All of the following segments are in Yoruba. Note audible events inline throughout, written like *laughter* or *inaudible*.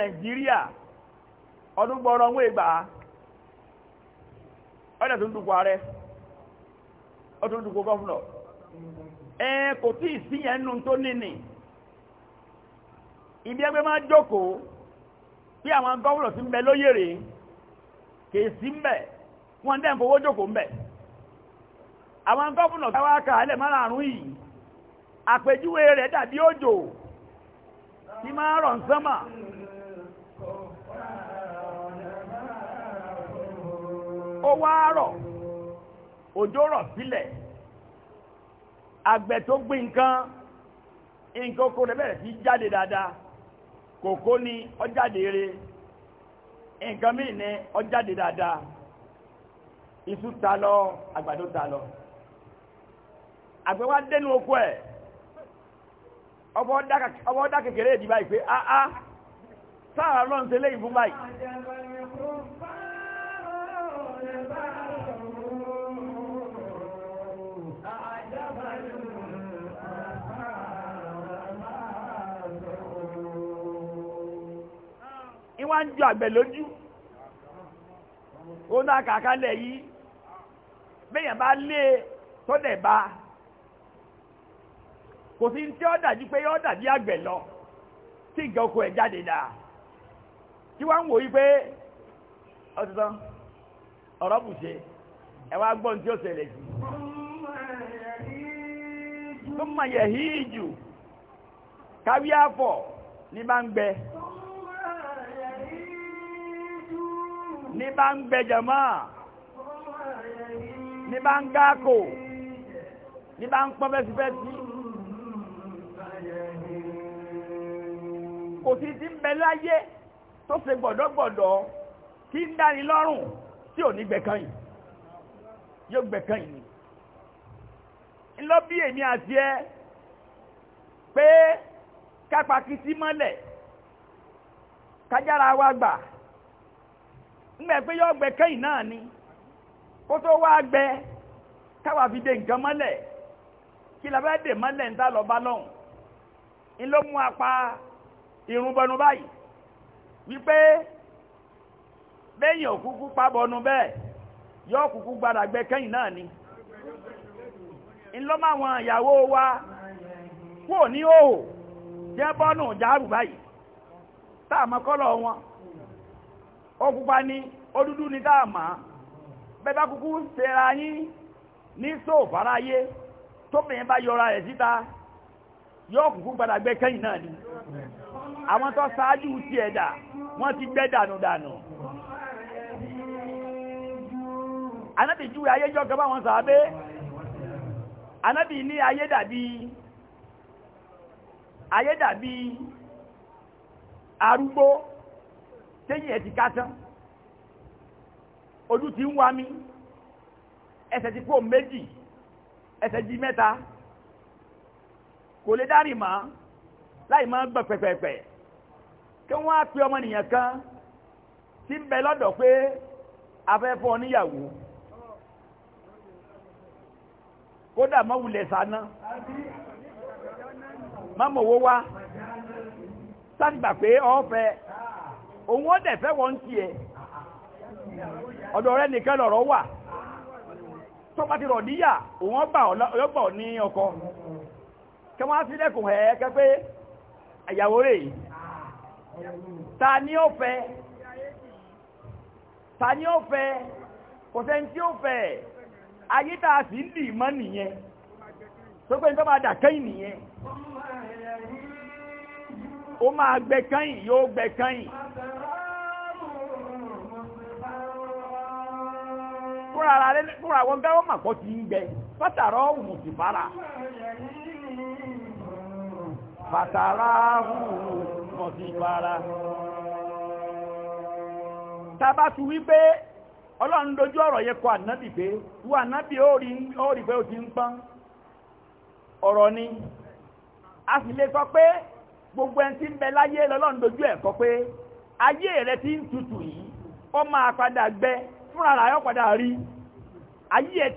nàìjíríà ọdún gbọ́rọ̀ wọ́n ìgbà ọdún tó ń dùkú ààrẹ ọdún dùkú gọ́fúnọ̀ ẹ kò tí ì sí ẹnu tó ibi ẹgbẹ́ máa jókòó bí àwọn gọ́fúnọ̀ ti ń bẹ lóyèrè kìí sí ń bẹ si dẹ́ ń fowó jókòó ń bẹ àwọn gọ́fúnọ̀ yìí àpèjúwe rẹ̀ dàbí òjò tí máa rọ̀ ń ó wá rọ òjò rọ̀ sílẹ̀ àgbẹ̀ tó gbé nǹkan nǹkan oko rẹ̀ bẹ̀rẹ̀ sí jáde dáadáa kòkó ni ó jáde re nǹkan míì ni ó dáadáa iṣu ta lọ àgbàdo ta lọ àgbẹ̀ wa dénú oko ẹ ọwọ́ dá kékeré ìdí báyìí pé áá sáà lọ́n ṣe léyìn fún báyìí wá ń jọ àgbẹ̀ lójú ó náà kàkálẹ̀ yìí bẹ́yàn bá lé e, tọ́dẹ̀ bá kò sí tí ó dàjú pé yọ́ dàbí àgbẹ̀ lọ tí ìgbẹ́ ẹ̀ ọ̀rọ̀ bùṣe ẹ wá gbọ́n tí ó ṣẹlẹ̀ jù tó mọ̀ yẹ̀ jù káwí àfọ̀ ní bá ń gbẹ ní bá ń gbẹ jẹ̀mọ́ ní bá ń gáàkò ní bá ń pọ́n fẹ́sifẹ́sí kò sí ti ń bẹ láyé tó ṣe gbọ̀dọ̀gbọ̀dọ̀ kí ń dáni tí ò ní gbẹ̀kan yìí yóò gbẹ̀kan yìí ńlọ bí èmi àti ẹ pé kápákítí mọ́lẹ̀ kájára wa gbà ńgbẹ̀ pé yóò gbẹ̀kan yìí náà ni kó tó wá gbẹ káwà fi dé nǹkan mọ́lẹ̀ kí la bá dè mọ́lẹ̀ ń tá lọ lọ́hùn ń apá irun bọnu báyìí wípé bẹ́yìn òkúkú pábọnú bẹ́ẹ̀ yọ òkúkú gbàdàgbẹ kẹ́yìn náà ni ńlọ́mọ àwọn ìyàwó wa kúò ní òhò jẹ́ bọ́nù járù báyìí táàmà wọn ó pupa ní ó táàmà bẹ́bá kúkú ṣera yín ní sóòfàráyé tóbìnrin bá yọra rẹ̀ síta kẹ́yìn náà ni àwọn tó ṣáájú ti ẹ̀dà wọ́n ti gbẹ́ dànù anábì júwe ayéjọ́ kan báwọn sàábé anábì ní ayé dàbí ayé dàbí arúgbó tẹ́yìn ẹ̀ ti ká tán ojú ti ń wá mi ẹsẹ̀ ti kó méjì ẹsẹ̀ di mẹ́ta kò lè dárì má láì má gbọ̀n pẹ̀pẹ̀pẹ̀ kí wọ́n á pe ọmọnìyàn kan tí ń bẹ lọ́dọ̀ pé afẹ́fọ́ níyàwó kódà má wulẹ̀ sáná má mọ̀wó wá sáàgbà pé ọ́fẹ́ òun ó dẹ̀fẹ́ wọ́n ti ẹ̀ ọ̀dọ̀ rẹ nìkan lọ̀rọ̀ wà tó ti rọ̀ níyà òun ọgbà ọlọ́gbọ̀ ní ọkọ kẹ wọ́n sí lẹ́kùn ẹ̀ kẹ́ pé ìyàwó ta ni ó ta ni ó kò sẹ́ni tí ó ayé tá a sì ń dì nìyẹn tó máa dà nìyẹn ó máa gbẹ yóò fúnra gáwọ́ ti ń gbẹ fátàrà ọ̀hún sì fara fátàrà ọ̀hún sì fara ọlọ́run dojú ọ̀rọ̀ yẹ kọ ànábì pé ànábì ó rí pé ó ti ń pán ọ̀rọ̀ ni a sì lè sọ pé gbogbo ẹni tí ń bẹ láyé lọ́lọ́run ẹ̀ kọ pé ayé rẹ ti ń tutù yìí ó máa gbẹ fúnra rẹ padà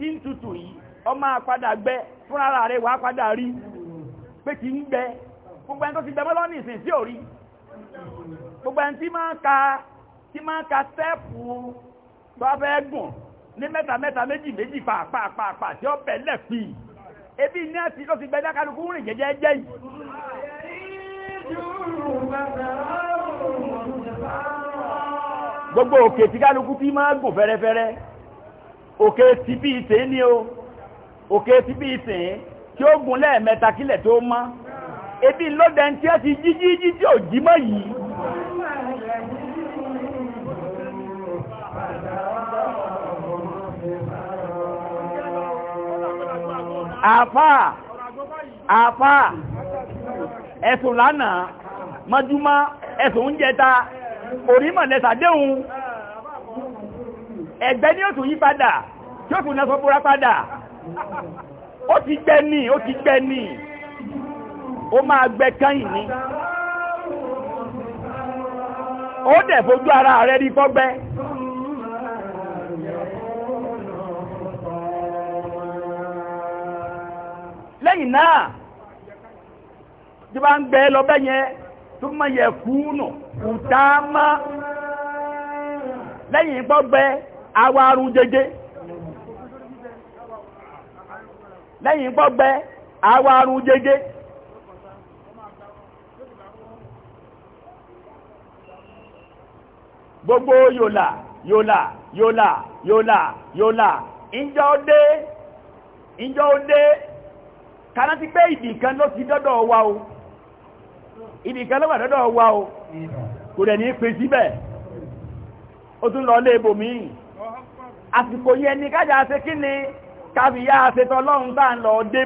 ti ń tutù yìí ó máa padà gbẹ fúnra rẹ wàá padà rí pé gbogbo ẹni tó ti lọ́nà ìsìn gbogbo ẹni tí ka tí ka tó fẹ́ gùn ní mẹ́ta mẹ́ta méjì méjì pàápàá tí ó bẹ̀lẹ̀ fi ebi ní àti ló fi gbẹ́dá kálukú rìn jẹ́jẹ́ jẹ́ yìí gbogbo òkè tí kálukú tí máa gùn fẹ́rẹ́fẹ́rẹ́ òkè tí bí ìsẹ̀ ní o òkè tí bí ìsẹ̀ tí ó gùn lẹ́ẹ̀mẹ́ta kílẹ̀ tó má ebi lọ́dẹ̀ tí ó ti jíjíjí tí ò jí mọ́ yìí àfà àfà ẹ̀sùn lánàá mọ́júmọ́ ẹ̀sùn ń jẹta orímọ̀ lẹ́sàdéhun ẹ̀gbẹ́ ní òtù yí padà tí ó tún lẹ́sọ padà ó ti gbẹ́ ní ó ti gbẹ́ ní ó máa gbẹ káyìn ní ó dẹ̀ fojú ara rẹ̀ rí fọ́gbẹ́ lẹ́yìn náà tí ń gbẹ lọ bẹ́yẹn tó mọ̀ yẹ kúùnù kùtà mọ́ lẹ́yìn gbọ́gbẹ́ awa arun jẹjẹ gbogbo yòlà yòlà yòlà yòlà yòlà ìjọ dé ìjọ dé kàná ti pé ìdìkan ló ti dọ́dọ̀ wa o ìdìkan dọ́dọ̀ wa o kò dẹ̀ ní pè o tún lọ lé ibòmíì àsìkò ni kí ni káfíyá ṣetọ́ lọ́run tá lọ dé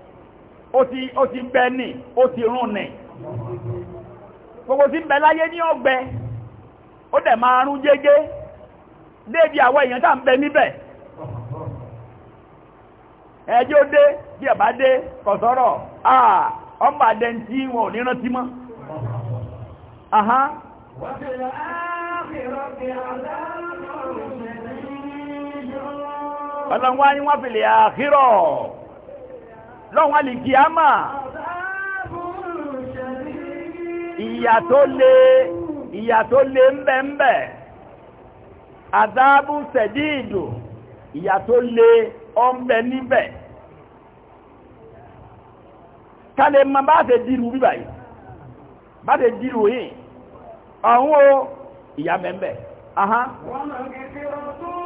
ó ti ti bẹ ó ti rún nì gbogbo tí bẹ láyé ní ọgbẹ ó dẹ̀ máa rún jẹ́jẹ́ débi àwọn èèyàn tá ń bẹ níbẹ̀ ẹjẹ́ dé bí ẹ̀bá dé kọ̀sọ́rọ̀ àà ọmọ àdẹ tí wọn ò ní rántí mọ́ ni wọ́n fi lè lọ́wọ́n alìkíámà ìyà tó le ìyà tó le ńbẹ̀ńbẹ̀ àdáàbù sẹ̀díìdù ìyà tó le ọ̀nbẹ níbẹ̀ kálẹ̀ ma bá ṣe dìrù bíbà yìí bá ṣe dìrù yìí ọ̀hún o ìyà mẹ́ńbẹ̀ ahán wọ́n mọ̀ kẹ́kẹ́ ọdún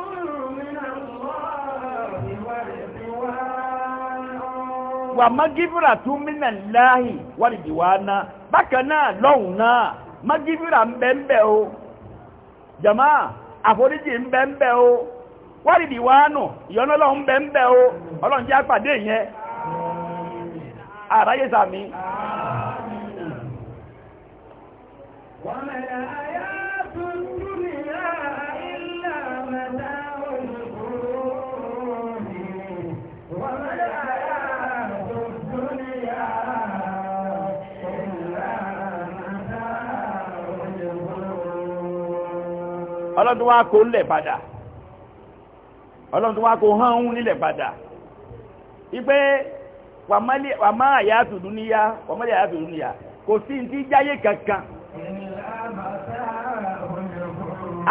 wà magífìrà tún mínà láàyè wàlìdì wá ná bákan náà lọ́hùn náà magífìrà ń bẹ́ ń bẹ́ o jàmá àforíjì ń bẹ́ ń bẹ́ o wàlìdì wá nù ìyọ́nà ń bẹ́ ń bẹ́ o ọlọ́run àpàdé yẹn àráyé sàmí. wọ́n mẹ́rẹ̀ ọlọ́dún wá kó lẹ̀ padà ọlọ́dún wá kó hàn ń nílẹ̀ padà ipé wàmá àyàtù dúníyà wàmá àyàtù dúníyà kò sí ti jáyé kankan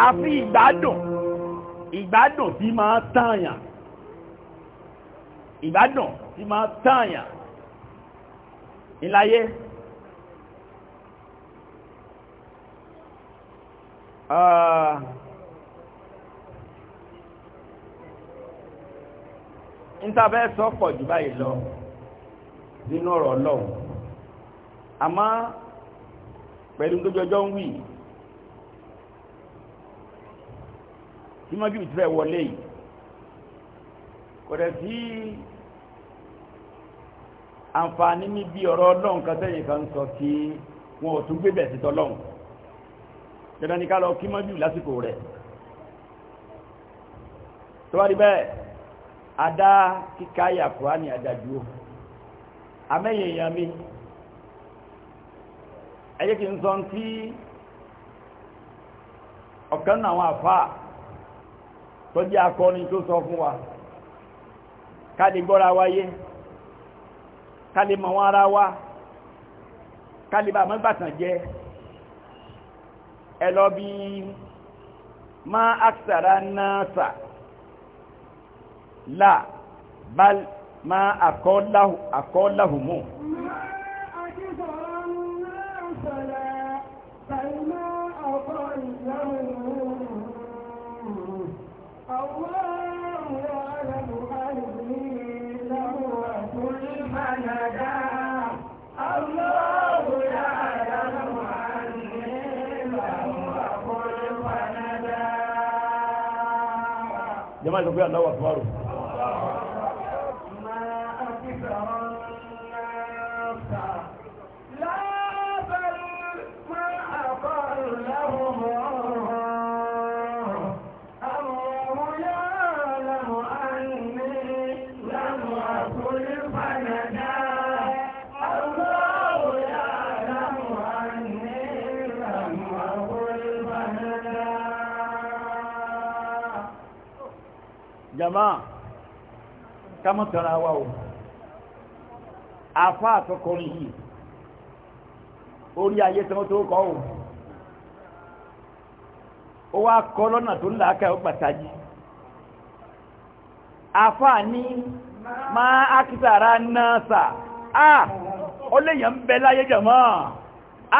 àfi ìgbádùn ìgbádùn tí máa tààyàn ìgbádùn tí máa tààyàn ìláyé Ah. ntàbẹ́ sọ pọ̀ jù báyìí lọ nínú ọ̀rọ̀ ọlọ́run pẹ̀lú tó ń wì tí mọ́jú ti fẹ́ wọlé yìí kò dẹ̀ sí àǹfààní ọ̀rọ̀ ọlọ́run kan kan sọ kí wọn tún tẹ́lẹ̀ ní ká lọ kí mọ́jú lásìkò rẹ̀ tó wá rí bẹ́ẹ̀ adá kíká yàkùá ní adájú amẹ́yìn èèyàn mi ẹyẹ kí n sọ tí ọ̀kan náà àwọn àfáà tó jẹ́ akọni tó sọ fún wa ká gbọ́ra wáyé ká mọ̀ wọn ara wa ká bá mọ́gbàtàn jẹ́ ẹlọ bí ma aksara nasa la bal ma akọláhùmù mas ouviu andar o Asmaru. jama kamọ̀tara wa o àfa àtọkọrin yìí orí ayé tí tó kọ́ o ó wá kọ́ lọ́nà tó làákà ó pàtàkì àfa ní máa ákítàrá náà á ó léyàn ń bẹ láyé jama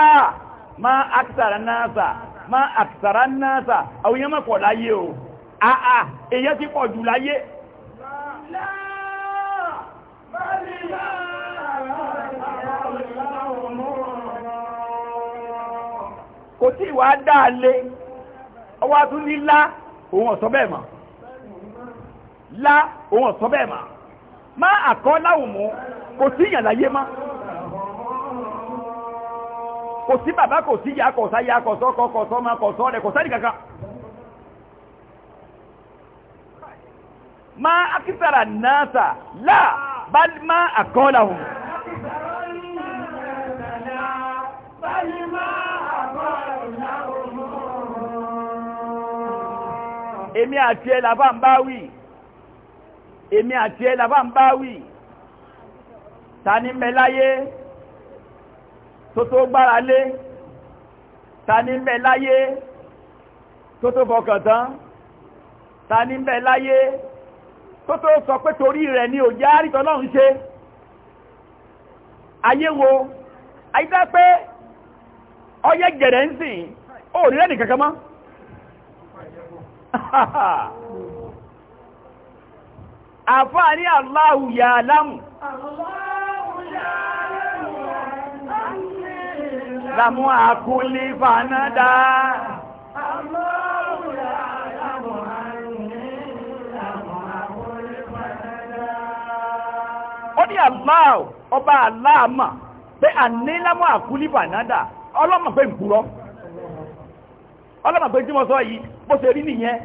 á máa ákítàrá náà máa ákítàrá náà sà láyé àà ah, ah, èyẹ ti pọ̀ jù láyé kò tí ìwà dáalé ọwá tún ní lá òun ọ̀sọ́ bẹ́ẹ̀ mà lá òun ọ̀sọ́ bẹ́ẹ̀ mà má àkọ́ láwùn mú kò sí ìyàn láyé má kò sí bàbá kò sí ìyá kọ̀ọ̀sá ìyá kọ̀ọ̀sọ́ kọ̀ọ̀sọ́ ọmọ kọ̀ọ̀sọ́ rẹ̀ kọ̀ọ̀sá nìkankan ma akitara nasa la bal ma akọlahun èmi àti ẹ làbá ń bá wì èmi àti ẹ làbá ń bá wì ta ni mẹ́láyé tó tó ta ni mẹ́láyé tó tó ta ni mẹ́láyé tó tó sọ pé torí rẹ̀ ni ò já àrítọ́ náà ń ṣe ayé wo àyíká pé ọyẹ́ gẹ̀rẹ̀ ń sìn ó rí rẹ̀ nìkankan mọ́ *laughs* àfáà ní Allahu ya'lamu lámú àkúlé fànádàá ó ní Allah ọba Allah mà pé ànílámọ́ àkúlí bànádà ọlọ́mọ̀ pé nkúrọ́ ọlọ́mọ̀ pé tí mo sọ yìí bó ṣe rí nìyẹn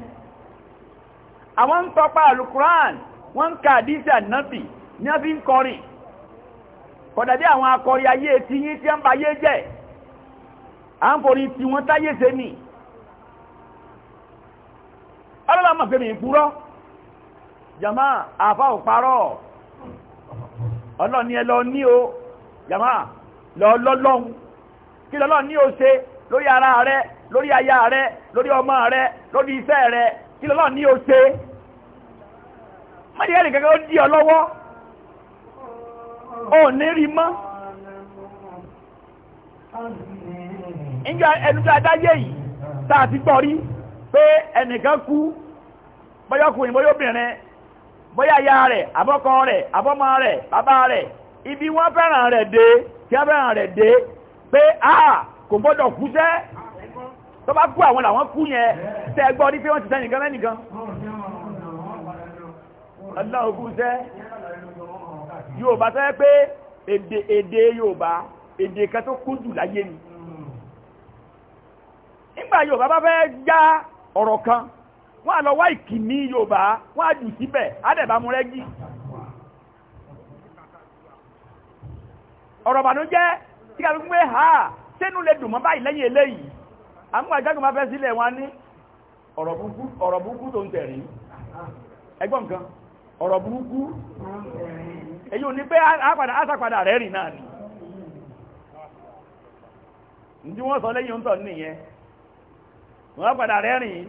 àwọn ń tọpa alukuran wọ́n ń ka àdíṣà nọ́bì ní a fi ń kọrin kọ̀dàdé àwọn akọrin ayé tí yí tí a ń ba ayé jẹ́ à ń kọrin tí wọ́n táyé ṣe nì ọlọ́mọ̀ pé mi nkúrọ́ jama àfa ò parọ́ ọlọ́run ni ẹ lọ ní o yàmá lọ lọ́lọ́run kí lọ́lọ́run ní o ṣe lórí ara rẹ lórí aya rẹ lórí ọmọ rẹ lórí iṣẹ́ rẹ kí lọ́lọ́run ní o ṣe mọ́dé ẹ̀rì gẹ́gẹ́ ó dí ọ lọ́wọ́ ó ní rí mọ́ ìjọ ẹnujọ adáyé yìí tàà ti gbọ́ rí pé ẹnìkan kú bọ́yọ́kùnrin bọ́yọ́bìnrin bóyá ya rẹ̀ àbọ́kọ rẹ̀ àbọ́mọ rẹ̀ bàbá rẹ̀ ibi wọ́n fẹ́ràn rẹ̀ dé tí wọ́n fẹ́ràn rẹ̀ dé pé a kò gbọ́dọ̀ kú sẹ́ tó bá kú àwọn làwọn kú yẹn tẹ́ gbọ́ ní pé wọ́n ti sẹ́ nìkan mẹ́nìkan ọlọ́run kú sẹ́ Yorùbá sẹ́ pé èdè èdè Yorùbá èdè kan tó kún jù láyé ni nígbà Yorùbá bá fẹ́ já ọ̀rọ̀ wọ́n á lọ wá ìkìmí yorùbá wọ́n jù síbẹ̀ tí ha sínú lè dùn mọ́ báyìí lẹ́yìn eléyìí àwọn ìjágun máa fẹ́ sílẹ̀ wọn ní ọ̀rọ̀ burúkú tó ń tẹ̀rí ẹgbọ́n ọ̀rọ̀ burúkú èyí ò ní pé rẹ̀ rìn náà ni wọ́n sọ lẹ́yìn nìyẹn wọ́n padà rẹ̀ rìn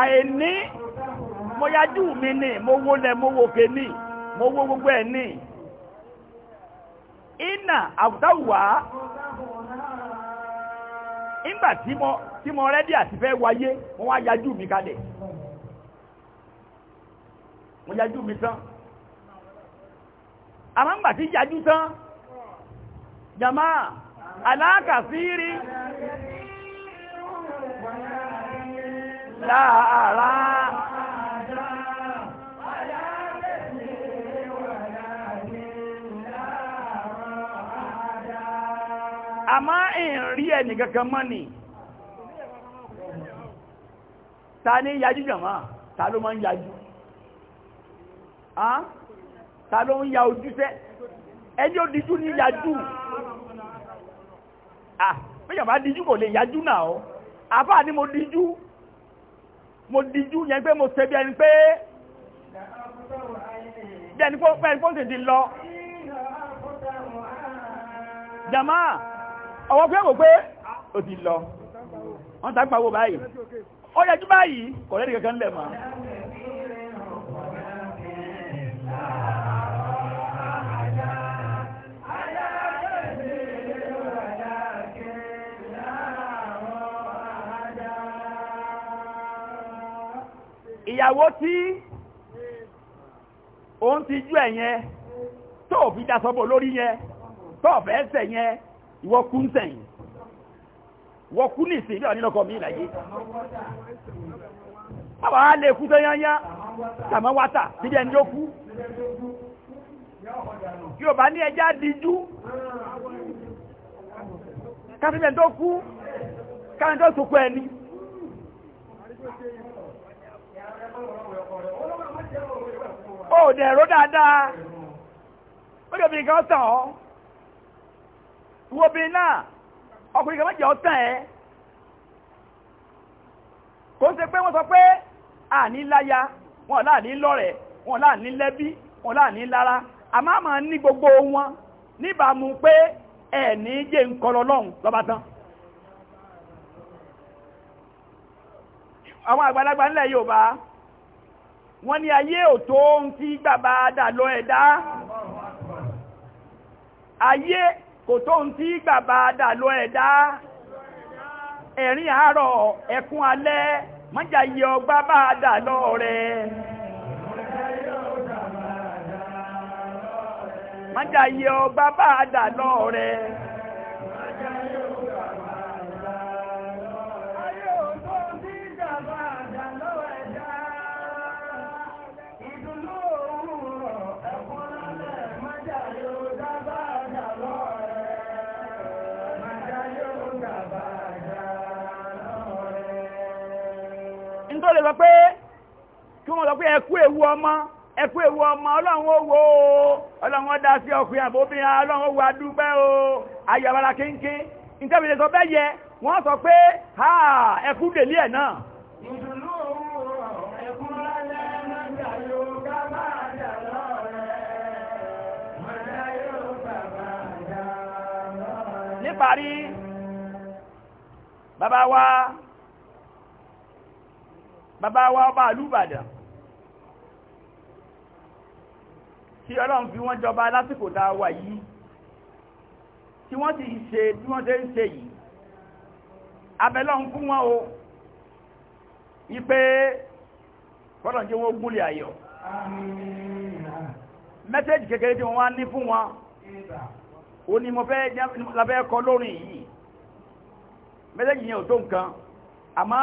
àìní mo yájú mi ní mo wó lẹ mo wò ké ní mo wó gbogbo ẹ̀ ní iná àwùtáwùwá nígbà tí mo tí mo rẹ́dí àti fẹ́ wáyé mo wá yájú mi kalẹ̀ mo yájú mi tán àmọ́ nígbà tí yájú tán jàmá aláàkàsírí. láàárá. àmọ́ ìrí ẹni kankan mọ́ ni ta ní yajú jọmọ́ ta ló mọ́ ń yajú ta ló ń ya ojúṣẹ́ ẹni ó dijú ní yajú ah pẹ́yàn bá dijú kò lè yajú náà ọ́ àfáà ni mo dijú mo díjú yẹn pé mo ṣe bí ẹni pé bí ẹni pọ́ sì ti lọ jama ọwọ́ pé wò pé ó ti lọ wọ́n ta pàwọ́ báyìí ó yẹjú báyìí kọ̀lẹ́dì kankan lẹ̀ mọ́ ìyàwó tí òun ti jú ẹ̀ yẹn tó fi dasọ́bọ̀ lórí yẹn tó fẹ́ ẹsẹ̀ yẹn ìwọ kú ń sẹ̀yìn wọ́n kú ní ìsìn ilé ọ̀nílọ́kọ̀ mi ìlàyé bàbá wa lè kú tó yányá tàmọ́ wátà síbi ẹni ló kú yóò bá ní ẹjá díjú káfíńtẹ̀ tó kú káfíńtẹ̀ tó kú ẹni ó dẹ̀ ró dáadáa ó dẹ̀ bí nǹkan sàn ọ́ wo bí náà ọkùnrin kan ẹ́ kò sọ pé wọn lọ́rẹ̀ wọn lẹ́bí wọn lára àmọ́ àmọ́ ní gbogbo wọn níbàámu pé ẹ̀ẹ̀ní jẹ́ nǹkan lọ́ba tán. àwọn àgbàlagbà wọ́n ní ayé ò tó ń tí gbàbá dà lọ ẹ̀dá ayé kò tó ń tí gbàbá dà lọ ẹ̀dá ẹ̀rin àárọ̀ ẹkún alẹ́ mọ́já yẹ ọgbá bá dà rẹ̀ mọ́jà yẹ ọgbá bá dà lọ rẹ̀. lè sọ pé kí wọ́n sọ pé ẹkú ewu ọmọ ẹkú ewu ọmọ ọlọ́run ó wo ọlọ́run ó dá sí ọkùnrin àbóbìnrin ọlọ́run ó wo adúgbẹ́ o ayọ̀bára kínkín ìtẹ́bí lè sọ bẹ́ yẹ wọ́n sọ pé ha ẹkú dèlí ẹ̀ náà níparí bàbá wa bàbá wa ọba àlúbàdàn tí ọlọ́run fi wọ́n jọba lásìkò tá a wà yìí tí wọ́n ti ṣe bí wọ́n ṣe ń ṣe yìí abẹ́lọ́run fún wọn o wípé kọ́lọ̀ jẹ́ wọ́n gúnlẹ̀ ayọ̀ mẹ́sẹ́jì kékeré tí wọ́n wá ní fún wọn o ni mo fẹ́ labẹ́ ẹ̀kọ́ lórin yìí mẹ́sẹ́jì yẹn ò tó nǹkan àmọ́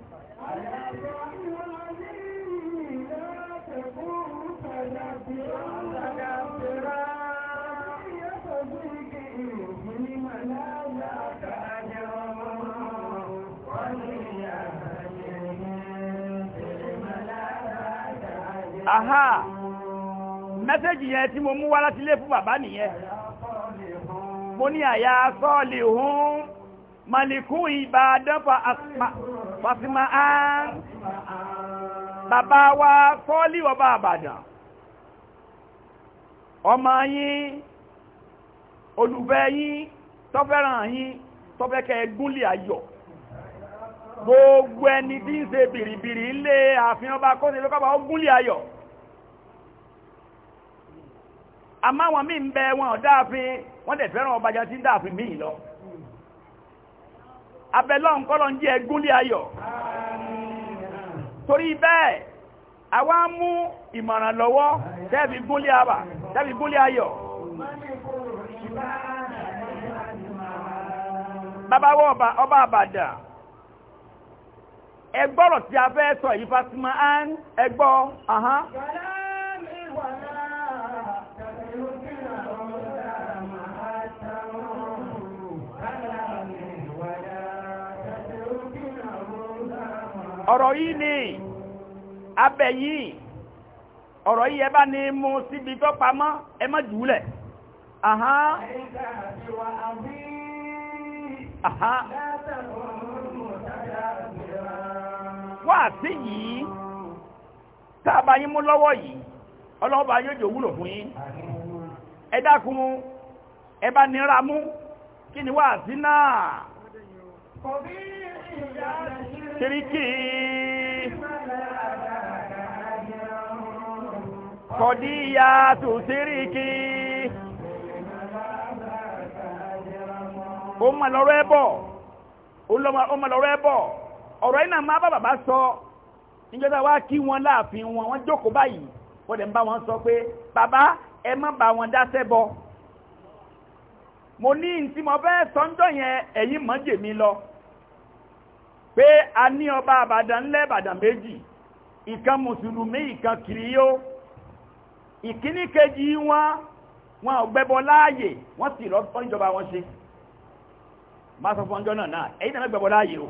aha mẹ́sẹ́jì yẹn tí mo mú wá láti lé fún bàbá nìyẹn mo ní àyà sọ́ọ̀lì hún malikú ìbàdàn fàṣímà án bàbá wa sọ́ọ̀lì ọba àbàdàn ọmọ yín olùfẹ́ yín tọ́fẹ́ràn yín tọ́fẹ́kẹ́ gúnlẹ̀ ayọ̀ gbogbo ẹni tí ń ṣe bìrìbìrì ilé ààfin ọba kó ṣe lókọ́bà ó gúnlẹ̀ ayọ̀ àmọ́ àwọn míì ń bẹ wọn ọ̀dáàfin wọ́n dẹ̀ fẹ́ràn ọba jẹ́ tí ń dáàfin míì lọ abẹ́lọ́ ńkọ́lọ́ ń jẹ́ gúnlẹ̀ ayọ̀ torí bẹ́ẹ̀ àwa mú ìmọ̀ràn lọ́wọ́ tẹ́ẹ̀fì gúnlẹ̀ ayọ̀ bàbá wọ ọba àbàdàn ẹgbọ́rọ̀ tí a fẹ́ sọ yìí Fatima an ẹgbọ́ ahán. ọ̀rọ̀ yìí ni abẹ́ yìí ọ̀rọ̀ yìí ẹ bá ní mú síbi tó pamọ́ ẹ má jùúlẹ̀ ahán. ahán. àti yìí tá a bá yín mú lọ́wọ́ yìí ọlọ́ọ̀bá yóò jò wúlò fún yín ẹ ẹ bá nira mú kí ni wáàsí náà kiriki kọ̀díyà tó síríkì ó mà lọ́rọ̀ ẹbọ ó lọ́rọ̀ ọ̀rọ̀ iná máa bá bàbá sọ níjọ́ta wá kí wọn láàfin wọn wọ́n jókòó báyìí wọ́n dẹ̀ ń bá wọn sọ pé bàbá ẹ má bá wọn dáṣẹ́ bọ mo ní tí mo fẹ́ sọ́njọ́ yẹn ẹ̀yin mọ́ jèmi lọ pé a ní ọba àbàdàn ńlẹ̀ àbàdàn méjì ìkan mùsùlùmí ìkan kìrìyó ìkíní kejì wọn wọn ò gbẹ́bọ láàyè wọ́n sì rọ́ fọ́njọba wọn ṣe má sọ fọ́njọ́ náà náà ẹ̀yin náà gbẹ́bọ láàyè o.